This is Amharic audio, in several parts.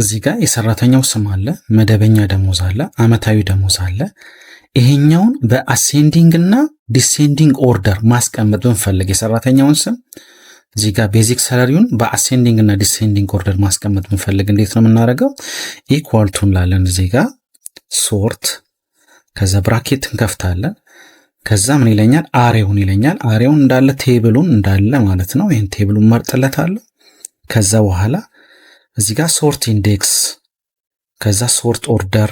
እዚህ ጋር የሰራተኛው ስም አለ፣ መደበኛ ደሞዝ አለ፣ አመታዊ ደሞዝ አለ። ይሄኛውን በአሴንዲንግ እና ዲሴንዲንግ ኦርደር ማስቀመጥ ብንፈልግ የሰራተኛውን ስም እዚህ ጋር ቤዚክ ሰላሪውን በአሴንዲንግ እና ዲሴንዲንግ ኦርደር ማስቀመጥ ብንፈልግ እንዴት ነው የምናደርገው? ኢኳልቱ እንላለን። እዚህ ጋር ሶርት፣ ከዛ ብራኬት እንከፍታለን። ከዛ ምን ይለኛል? አሬውን ይለኛል። አሬውን እንዳለ ቴብሉን እንዳለ ማለት ነው። ይህን ቴብሉን መርጥለታለሁ። ከዛ በኋላ እዚህ ጋር ሶርት ኢንዴክስ ከዛ ሶርት ኦርደር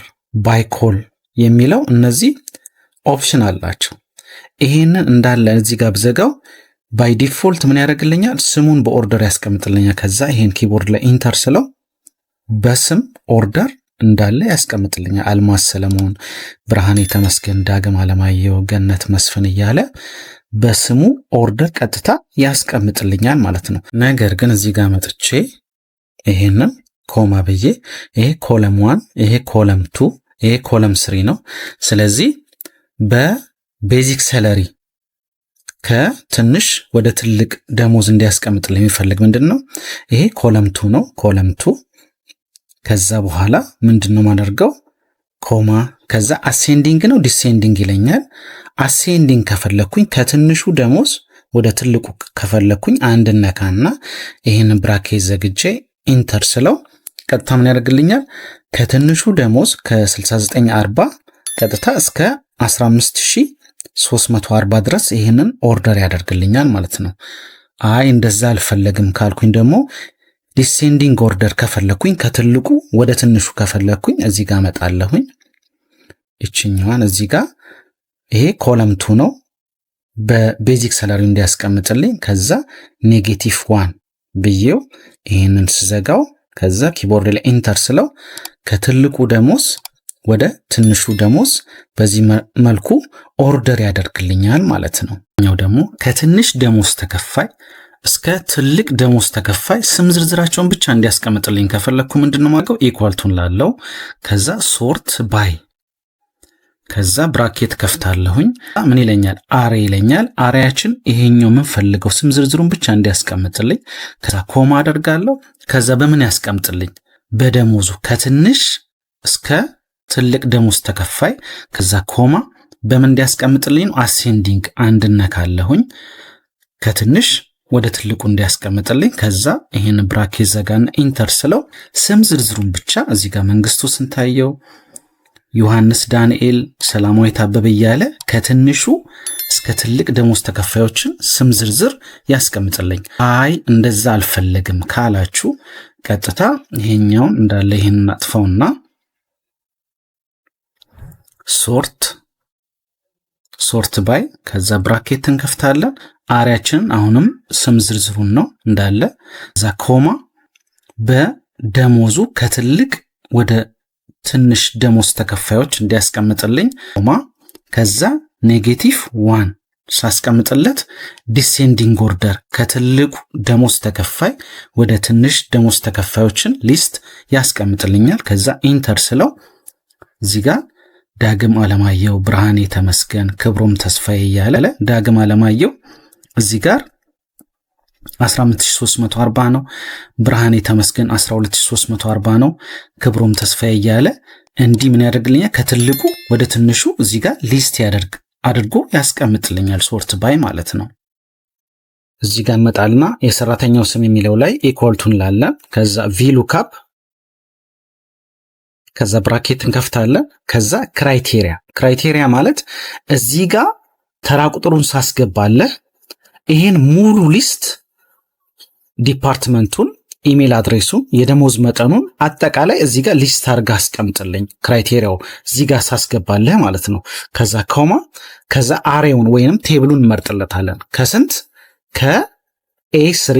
ኮል የሚለው እነዚህ ኦፕሽን አላቸው። ይሄንን እንዳለ እዚህ ጋር ብዘጋው ባይ ዲፎልት ምን ያደርግልኛል? ስሙን በኦርደር ያስቀምጥልኛል። ከዛ ይሄን ኪቦርድ ላይ ኢንተር ስለው በስም ኦርደር እንዳለ ያስቀምጥልኛል። አልማዝ ሰለሞን፣ ብርሃኔ ተመስገን፣ ዳግም አለማየሁ፣ ገነት መስፍን እያለ በስሙ ኦርደር ቀጥታ ያስቀምጥልኛል ማለት ነው። ነገር ግን እዚህ ጋር መጥቼ ይሄንን ኮማ ብዬ ይሄ ኮለም ዋን ይሄ ኮለም ቱ ይሄ ኮለም ስሪ ነው። ስለዚህ በቤዚክ ሰለሪ ከትንሽ ወደ ትልቅ ደሞዝ እንዲያስቀምጥ የሚፈልግ ምንድን ነው? ይሄ ኮለም ቱ ነው። ኮለም ቱ ከዛ በኋላ ምንድን ነው ማደርገው ኮማ ከዛ አሴንዲንግ ነው ዲሴንዲንግ ይለኛል። አሴንዲንግ ከፈለኩኝ ከትንሹ ደሞዝ ወደ ትልቁ ከፈለኩኝ አንድ ነካና ይህን ብራኬት ዘግጄ ኢንተር ስለው ቀጥታ ምን ያደርግልኛል? ከትንሹ ደሞዝ ከ6940 ቀጥታ እስከ 15340 ድረስ ይህንን ኦርደር ያደርግልኛል ማለት ነው። አይ እንደዛ አልፈለግም ካልኩኝ ደግሞ ዲሴንዲንግ ኦርደር ከፈለግኩኝ ከትልቁ ወደ ትንሹ ከፈለግኩኝ እዚህ ጋር መጣለሁኝ። ይችኛዋን እዚህ ጋር ይሄ ኮለምቱ ነው በቤዚክ ሰላሪ እንዲያስቀምጥልኝ። ከዛ ኔጌቲቭ ዋን ብዬው ይህንን ስዘጋው ከዛ ኪቦርድ ላይ ኢንተር ስለው ከትልቁ ደሞዝ ወደ ትንሹ ደሞዝ በዚህ መልኩ ኦርደር ያደርግልኛል ማለት ነው። ኛው ደግሞ ከትንሽ ደሞዝ ተከፋይ እስከ ትልቅ ደሞዝ ተከፋይ ስም ዝርዝራቸውን ብቻ እንዲያስቀምጥልኝ ከፈለግኩ ምንድን ነው ማድረገው? ኢኳልቱን ላለው ከዛ ሶርት ባይ ከዛ ብራኬት ከፍታለሁኝ። ምን ይለኛል? አሬ ይለኛል። አሬያችን ይሄኛው ፈልገው ስም ዝርዝሩን ብቻ እንዲያስቀምጥልኝ። ከዛ ኮማ አደርጋለሁ። ከዛ በምን ያስቀምጥልኝ? በደሞዙ ከትንሽ እስከ ትልቅ ደሞዝ ተከፋይ። ከዛ ኮማ በምን እንዲያስቀምጥልኝ ነው? አሴንዲንግ ነካለሁኝ። ከትንሽ ወደ ትልቁ እንዲያስቀምጥልኝ። ከዛ ይህን ብራኬት ዘጋና ኢንተር ስለው ስም ዝርዝሩን ብቻ እዚህ ጋር መንግስቱ ስንታየው ዮሐንስ ዳንኤል፣ ሰላማዊ ታበበ እያለ ከትንሹ እስከ ትልቅ ደሞዝ ተከፋዮችን ስም ዝርዝር ያስቀምጥልኝ። አይ እንደዛ አልፈለግም ካላችሁ ቀጥታ ይሄኛውን እንዳለ ይህንን አጥፋውና ሶርት ሶርት ባይ ከዛ ብራኬት እንከፍታለን። አሪያችንን አሁንም ስም ዝርዝሩን ነው እንዳለ እዛ ኮማ በደሞዙ ከትልቅ ወደ ትንሽ ደሞዝ ተከፋዮች እንዲያስቀምጥልኝ ማ ከዛ ኔጌቲቭ ዋን ሳስቀምጥለት ዲሴንዲንግ ኦርደር ከትልቁ ደሞዝ ተከፋይ ወደ ትንሽ ደሞዝ ተከፋዮችን ሊስት ያስቀምጥልኛል። ከዛ ኢንተር ስለው እዚህ ጋር ዳግም አለማየሁ፣ ብርሃኔ ተመስገን፣ ክብሮም ተስፋዬ እያለ ዳግም አለማየሁ እዚህ ጋር 15340 ነው። ብርሃኔ ተመስገን 12340 ነው። ክብሮም ተስፋዬ እያለ እንዲህ ምን ያደርግልኛል? ከትልቁ ወደ ትንሹ እዚህ ጋር ሊስት ያደርግ አድርጎ ያስቀምጥልኛል። ሶርት ባይ ማለት ነው። እዚህ ጋር መጣልና የሰራተኛው ስም የሚለው ላይ ኢኳልቱን ላለ ከዛ ቪሉካፕ ከዛ ብራኬት እንከፍታለን። ከዛ ክራይቴሪያ ክራይቴሪያ ማለት እዚህ ጋር ተራ ቁጥሩን ሳስገባለህ ይሄን ሙሉ ሊስት ዲፓርትመንቱን ኢሜል አድሬሱን የደሞዝ መጠኑን አጠቃላይ እዚህ ጋር ሊስት አርጋ አስቀምጥልኝ። ክራይቴሪያው እዚህ ጋር ሳስገባለህ ማለት ነው። ከዛ ኮማ፣ ከዛ አሬውን ወይንም ቴብሉን እንመርጥለታለን። ከስንት ከኤ ስሪ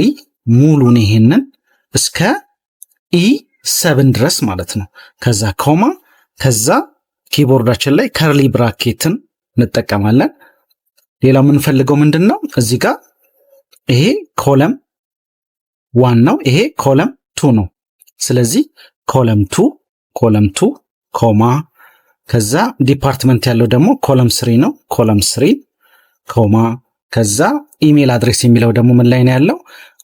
ሙሉን ይሄንን እስከ ኢ ሰብን ድረስ ማለት ነው። ከዛ ኮማ፣ ከዛ ኪቦርዳችን ላይ ከርሊ ብራኬትን እንጠቀማለን። ሌላ የምንፈልገው ምንድን ነው? እዚህ ጋር ይሄ ኮለም ዋናው ይሄ ኮለም ቱ ነው። ስለዚህ ኮለም ቱ ኮለም ቱ ኮማ ከዛ ዲፓርትመንት ያለው ደግሞ ኮለም ስሪ ነው። ኮለም ስሪ ኮማ ከዛ ኢሜል አድሬስ የሚለው ደግሞ ምን ላይ ነው ያለው?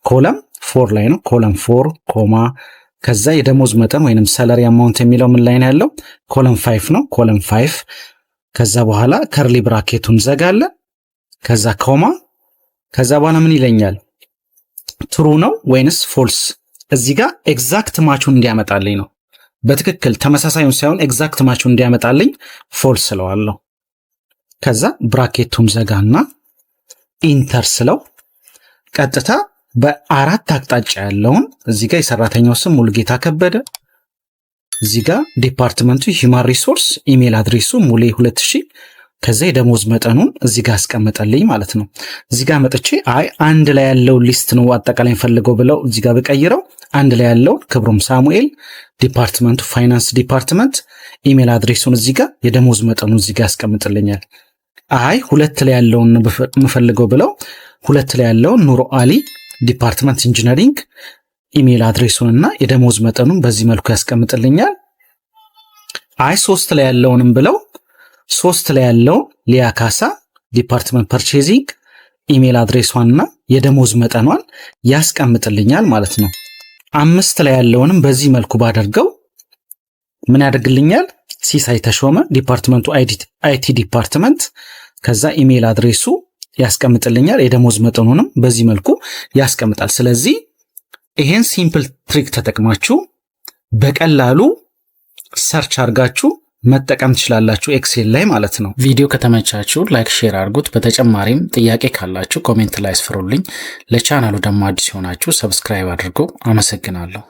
ኮለም ፎር ላይ ነው። ኮለም ፎር ኮማ ከዛ የደሞዝ መጠን ወይንም ሰለሪ አማውንት የሚለው ምን ላይ ነው ያለው? ኮለም ፋይፍ ነው። ኮለም ፋይፍ ከዛ በኋላ ከርሊ ብራኬቱን ዘጋለ። ከዛ ኮማ ከዛ በኋላ ምን ይለኛል? ትሩ ነው ወይንስ ፎልስ? እዚህ ጋር ኤግዛክት ማቹን እንዲያመጣልኝ ነው። በትክክል ተመሳሳዩን ሳይሆን ኤግዛክት ማቹን እንዲያመጣልኝ ፎልስ ስለዋለሁ። ከዛ ብራኬቱን ዘጋና ኢንተር ስለው ቀጥታ በአራት አቅጣጫ ያለውን እዚህ ጋር የሰራተኛው ስም ሙሉጌታ ከበደ፣ እዚህ ጋር ዲፓርትመንቱ ሂማን ሪሶርስ፣ ኢሜል አድሬሱ ሙሌ 2000 ከዛ የደሞዝ መጠኑን እዚህ ጋር አስቀመጠልኝ ማለት ነው። እዚህ ጋር መጥቼ አይ አንድ ላይ ያለው ሊስት ነው አጠቃላይ ፈልገው ብለው እዚህ ጋር ብቀይረው አንድ ላይ ያለው ክብሮም ሳሙኤል ዲፓርትመንቱ ፋይናንስ ዲፓርትመንት ኢሜል አድሬሱን እዚህ ጋር የደሞዝ መጠኑን እዚህ ጋር ያስቀምጥልኛል። አይ ሁለት ላይ ያለውን የምፈልገው ብለው ሁለት ላይ ያለውን ኑሮ አሊ ዲፓርትመንት ኢንጂነሪንግ ኢሜል እና የደሞዝ መጠኑን በዚህ መልኩ ያስቀምጥልኛል። አይ ሶስት ላይ ያለውንም ብለው ሶስት ላይ ያለው ሊያ ካሳ ዲፓርትመንት ፐርቼዚንግ ኢሜል አድሬሷንና የደሞዝ መጠኗን ያስቀምጥልኛል ማለት ነው። አምስት ላይ ያለውንም በዚህ መልኩ ባደርገው ምን ያደርግልኛል? ሲሳይ ተሾመ ዲፓርትመንቱ አይቲ ዲፓርትመንት፣ ከዛ ኢሜይል አድሬሱ ያስቀምጥልኛል። የደሞዝ መጠኑንም በዚህ መልኩ ያስቀምጣል። ስለዚህ ይሄን ሲምፕል ትሪክ ተጠቅማችሁ በቀላሉ ሰርች አድርጋችሁ መጠቀም ትችላላችሁ ኤክሴል ላይ ማለት ነው። ቪዲዮ ከተመቻችሁ ላይክ፣ ሼር አድርጉት። በተጨማሪም ጥያቄ ካላችሁ ኮሜንት ላይ አስፍሩልኝ። ለቻናሉ ደግሞ አዲስ የሆናችሁ ሰብስክራይብ አድርጎ አመሰግናለሁ።